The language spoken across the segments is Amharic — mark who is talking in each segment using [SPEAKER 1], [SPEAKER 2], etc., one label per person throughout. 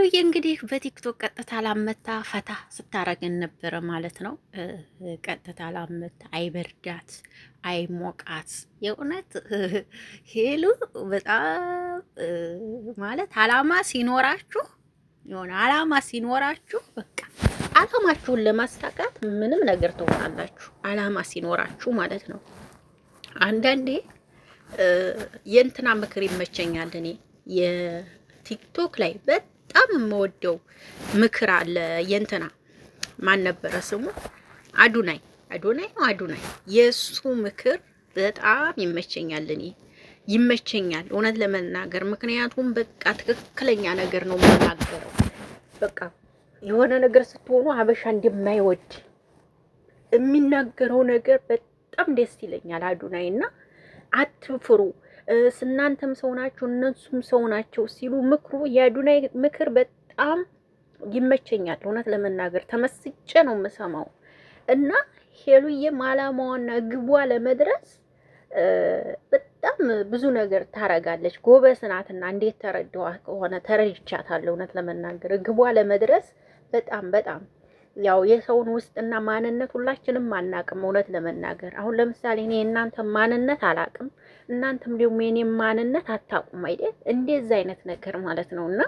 [SPEAKER 1] ሄሉዬ እንግዲህ በቲክቶክ ቀጥታ ላመታ ፈታ ስታረግን ነበረ ማለት ነው። ቀጥታ ላመታ አይበርዳት አይሞቃት። የእውነት ሄሉ በጣም ማለት አላማ ሲኖራችሁ የሆነ አላማ ሲኖራችሁ በቃ አላማችሁን ለማስታቃት ምንም ነገር ትሆናላችሁ። አላማ ሲኖራችሁ ማለት ነው። አንዳንዴ የእንትና ምክር ይመቸኛል እኔ የቲክቶክ ላይ በጣም የምወደው ምክር አለ። የእንትና ማን ነበረ ስሙ? አዱናይ አዱናይ ነው። አዶናይ የእሱ ምክር በጣም ይመቸኛል፣ እኔ ይመቸኛል እውነት ለመናገር ምክንያቱም በቃ ትክክለኛ ነገር ነው የምናገረው። በቃ የሆነ ነገር ስትሆኑ ሀበሻ እንደማይወድ የሚናገረው ነገር በጣም ደስ ይለኛል አዱናይ እና አትፍሩ። እናንተም ሰው ናችሁ እነሱም ሰው ናቸው ሲሉ ምክሩ የአዱናይ ምክር በጣም ይመቸኛል። እውነት ለመናገር ተመስጬ ነው የምሰማው እና ሄሉዬም አላማዋና ግቧ ለመድረስ በጣም ብዙ ነገር ታረጋለች። ጎበዝ ናትና እንዴት ተረድዋ ከሆነ ተረድቻታለሁ። እውነት ለመናገር ግቧ ለመድረስ በጣም በጣም ያው የሰውን ውስጥና ማንነት ሁላችንም አናቅም። እውነት ለመናገር አሁን ለምሳሌ እኔ የእናንተ ማንነት አላቅም። እናንተም ደግሞ የኔ ማንነት አታውቁም አይደል? እንደዚህ አይነት ነገር ማለት ነው። እና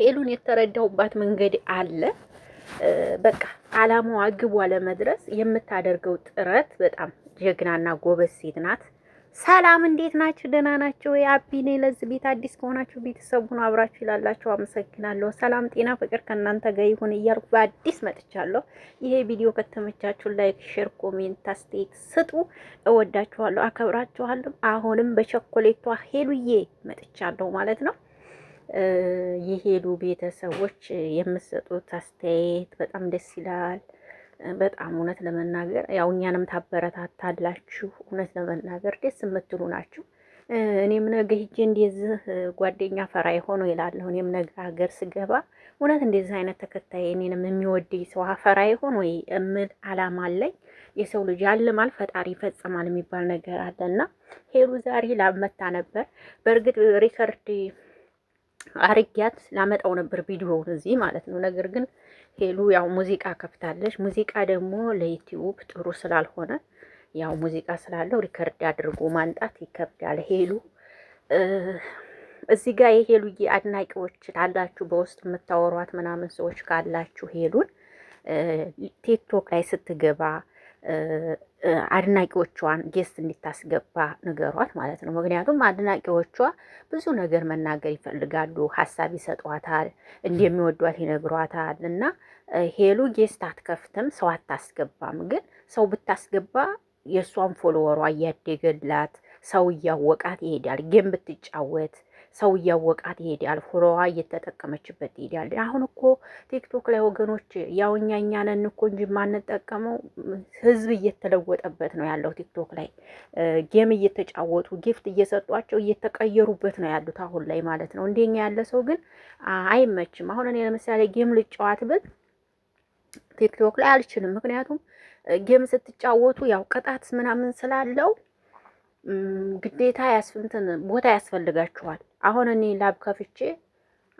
[SPEAKER 1] ሄሉን የተረዳሁባት መንገድ አለ። በቃ አላማዋ ግቧ ለመድረስ የምታደርገው ጥረት በጣም ጀግናና ጎበዝ ሴት ናት። ሰላም እንዴት ናችሁ? ደህና ናችሁ? የአቢ ነኝ። ለዚህ ቤት አዲስ ከሆናችሁ ቤተሰብ ሁኑ፣ አብራችሁ ይላላችሁ። አመሰግናለሁ። ሰላም ጤና፣ ፍቅር ከእናንተ ጋር ይሁን እያልኩ በአዲስ መጥቻለሁ። ይሄ ቪዲዮ ከተመቻችሁ ላይክ፣ ሼር፣ ኮሜንት አስተያየት ስጡ። እወዳችኋለሁ፣ አከብራችኋለሁ። አሁንም በቸኮሌቷ ሄሉዬ መጥቻለሁ ማለት ነው። የሄሉ ቤተሰቦች የምትሰጡት አስተያየት በጣም ደስ ይላል። በጣም እውነት ለመናገር ያው እኛንም ታበረታታላችሁ። እውነት ለመናገር ደስ የምትሉ ናችሁ። እኔም ነገ ሂጄ እንደዚህ ጓደኛ ፈራ የሆኑ ይላለሁ። እኔም ነገ ሀገር ስገባ እውነት እንደዚህ አይነት ተከታይ እኔንም የሚወደኝ ሰው አፈራ የሆን ወይ እምል አላማ አለኝ። የሰው ልጅ ያልማል ፈጣሪ ይፈጽማል የሚባል ነገር አለ አለና ሄሉ ዛሬ ላመታ ነበር በእርግጥ ሪከርድ አርጊያት ላመጣው ነበር ቪዲዮውን እዚህ ማለት ነው። ነገር ግን ሄሉ ያው ሙዚቃ ከፍታለች። ሙዚቃ ደግሞ ለዩቲዩብ ጥሩ ስላልሆነ ያው ሙዚቃ ስላለው ሪከርድ አድርጎ ማንጣት ይከብዳል። ሄሉ እዚህ ጋር የሄሉዬ አድናቂዎች ላላችሁ በውስጥ የምታወሯት ምናምን ሰዎች ካላችሁ ሄሉን ቲክቶክ ላይ ስትገባ አድናቂዎቿን ጌስት እንዲታስገባ ንገሯት ማለት ነው። ምክንያቱም አድናቂዎቿ ብዙ ነገር መናገር ይፈልጋሉ፣ ሀሳብ ይሰጧታል፣ እንደሚወዷት ይነግሯታል። እና ሄሉ ጌስት አትከፍትም፣ ሰው አታስገባም። ግን ሰው ብታስገባ የእሷን ፎሎወሯ እያደገላት ሰው እያወቃት ይሄዳል። ጌም ብትጫወት ሰው እያወቃት ይሄዳል። ፎሎዋ እየተጠቀመችበት ይሄዳል። አሁን እኮ ቲክቶክ ላይ ወገኖች ያው እኛ እኛ ነን እኮ እንጂ የማንጠቀመው ህዝብ እየተለወጠበት ነው ያለው። ቲክቶክ ላይ ጌም እየተጫወቱ ጊፍት እየሰጧቸው እየተቀየሩበት ነው ያሉት አሁን ላይ ማለት ነው። እንደኛ ያለ ሰው ግን አይመችም። አሁን እኔ ለምሳሌ ጌም ልጫዋት ብል ቲክቶክ ላይ አልችልም። ምክንያቱም ጌም ስትጫወቱ ያው ቅጣት ምናምን ስላለው ግዴታ ያስፍንትን ቦታ ያስፈልጋችኋል። አሁን እኔ ላብ ከፍቼ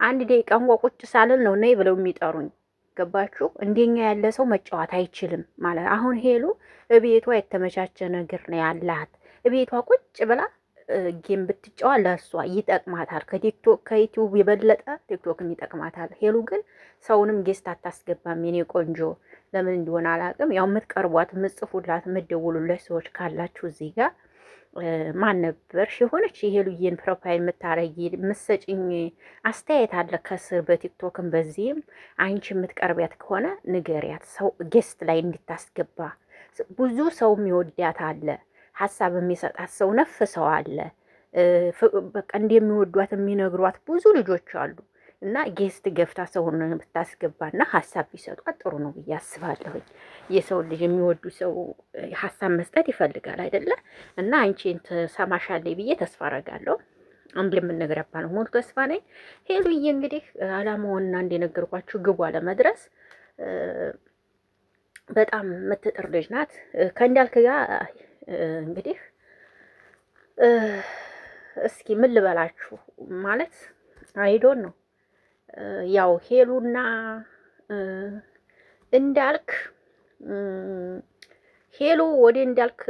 [SPEAKER 1] አንድ ደቂቃ እንኳ ቁጭ ሳልል ነው ነይ ብለው የሚጠሩኝ። ገባችሁ? እንደኛ ያለ ሰው መጫወት አይችልም ማለት አሁን ሄሉ እቤቷ የተመቻቸ ነገር ነው ያላት። እቤቷ ቁጭ ብላ ጌም ብትጫዋ ለእሷ ይጠቅማታል። ከቲክቶክ ከዩቲዩብ የበለጠ ቲክቶክም ይጠቅማታል። ሄሉ ግን ሰውንም ጌስት አታስገባም። የኔ ቆንጆ ለምን እንደሆነ አላውቅም። ያው የምትቀርቧት፣ የምትጽፉላት፣ የምትደውሉለት ሰዎች ካላችሁ እዚህ ጋር ማን ነበርሽ የሆነች የሄሉዬን ፕሮፋይል የምታረጊ ምሰጭኝ አስተያየት አለ ከስር በቲክቶክም በዚህም አንቺ የምትቀርቢያት ከሆነ ንገሪያት፣ ሰው ጌስት ላይ እንድታስገባ ብዙ ሰው የሚወዳት አለ፣ ሀሳብ የሚሰጣት ሰው ነፍ ሰው አለ፣ በቃ እንደሚወዷት የሚነግሯት ብዙ ልጆች አሉ። እና ጌስት ገፍታ ሰውን ብታስገባና ሀሳብ ቢሰጧት ጥሩ ነው ብዬ አስባለሁኝ። የሰው ልጅ የሚወዱ ሰው ሀሳብ መስጠት ይፈልጋል አይደለ? እና አንቺን ትሰማሻለች ብዬ ተስፋ አረጋለሁ። አንድ የምነግረባ ነው ሙሉ ተስፋ ነኝ። ሄሉዬ እንግዲህ አላማውና እንደነገርኳችሁ ግቧ ለመድረስ በጣም የምትጥር ልጅ ናት። ከእንዳልክ ጋር እንግዲህ እስኪ ምን ልበላችሁ ማለት አይዶን ነው ያው ሄሉና እንዳልክ ሄሉ ወደ እንዳልክ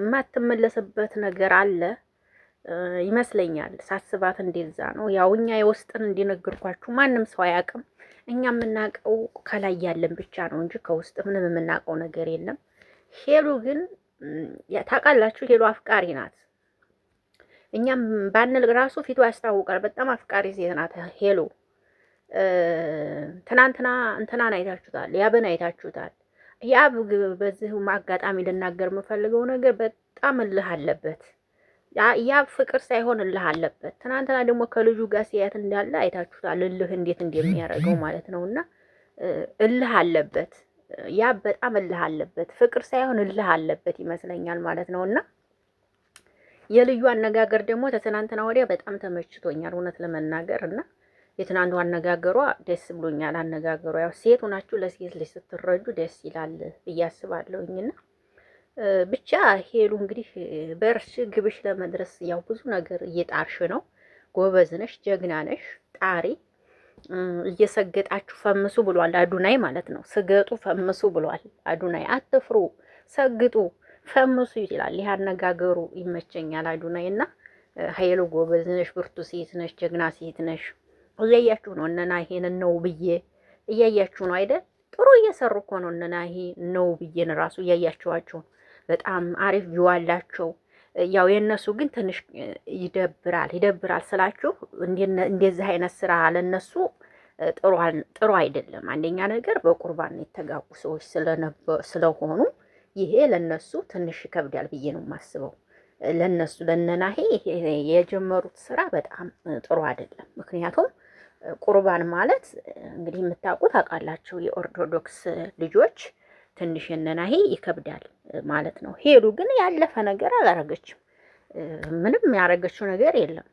[SPEAKER 1] የማትመለስበት ነገር አለ ይመስለኛል። ሳስባት እንደዛ ነው። ያው እኛ የውስጥን እንዲነግርኳችሁ ማንም ሰው አያውቅም። እኛ የምናውቀው ከላይ ያለን ብቻ ነው እንጂ ከውስጥ ምንም የምናውቀው ነገር የለም። ሄሉ ግን ታውቃላችሁ፣ ሄሉ አፍቃሪ ናት። እኛም ባንል ራሱ ፊቱ ያስታውቃል። በጣም አፍቃሪ ሴት ናት ሄሎ ትናንትና እንትናን አይታችሁታል፣ ያብን አይታችሁታል። ያብ በዚህ አጋጣሚ ልናገር የምፈልገው ነገር በጣም እልህ አለበት። ያብ ፍቅር ሳይሆን እልህ አለበት። ትናንትና ደግሞ ከልጁ ጋር ሲያት እንዳለ አይታችሁታል፣ እልህ እንዴት እንደሚያደርገው ማለት ነው። እና እልህ አለበት ያብ፣ በጣም እልህ አለበት። ፍቅር ሳይሆን እልህ አለበት ይመስለኛል ማለት ነው እና የልዩ አነጋገር ደግሞ ተትናንትና ወዲያ በጣም ተመችቶኛል እውነት ለመናገር እና የትናንቱ አነጋገሯ ደስ ብሎኛል። አነጋገሯ ያው ሴት ሆናችሁ ለሴት ልጅ ስትረጁ ደስ ይላል ብዬ አስባለሁኝና ብቻ ሄሉ እንግዲህ በርሽ ግብሽ ለመድረስ ያው ብዙ ነገር እየጣርሽ ነው። ጎበዝ ነሽ፣ ጀግና ነሽ፣ ጣሪ እየሰገጣችሁ ፈምሱ ብሏል አዱናይ ማለት ነው። ስገጡ ፈምሱ ብሏል አዱናይ። አትፍሩ፣ ሰግጡ። ፈምሱ ይችላል። ይህ አነጋገሩ ይመቸኛል። አዱናይ እና ሀይሉ ጎበዝ ነሽ፣ ብርቱ ሴት ነሽ፣ ጀግና ሴት ነሽ። እያያችሁ ነው እነና ይሄንን ነው ብዬ እያያችሁ ነው አይደል? ጥሩ እየሰሩ እኮ ነው እነና ይሄ ነው ብዬን ራሱ እያያችኋቸው በጣም አሪፍ ቪው አላቸው። ያው የእነሱ ግን ትንሽ ይደብራል። ይደብራል ስላችሁ እንደዚህ አይነት ስራ ለእነሱ ጥሩ አይደለም። አንደኛ ነገር በቁርባን የተጋቡ ሰዎች ስለሆኑ ይሄ ለነሱ ትንሽ ይከብዳል ብዬ ነው የማስበው። ለነሱ ለነናሄ የጀመሩት ስራ በጣም ጥሩ አይደለም። ምክንያቱም ቁርባን ማለት እንግዲህ የምታውቁት አውቃላቸው የኦርቶዶክስ ልጆች ትንሽ የነናሄ ይከብዳል ማለት ነው። ሄሉ ግን ያለፈ ነገር አላረገችም። ምንም ያደረገችው ነገር የለም።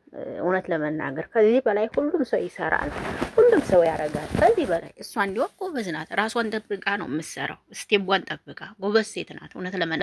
[SPEAKER 1] እውነት ለመናገር ከዚህ በላይ ሁሉም ሰው ይሰራል፣ ሁሉም ሰው ያደርጋል። ከዚህ በላይ እሷ እንዲወቅ ጎበዝ ናት። ራሷን ጠብቃ ነው የምትሰራው። ስቴቧን ጠብቃ ጎበዝ ሴት ናት። እውነት ለመ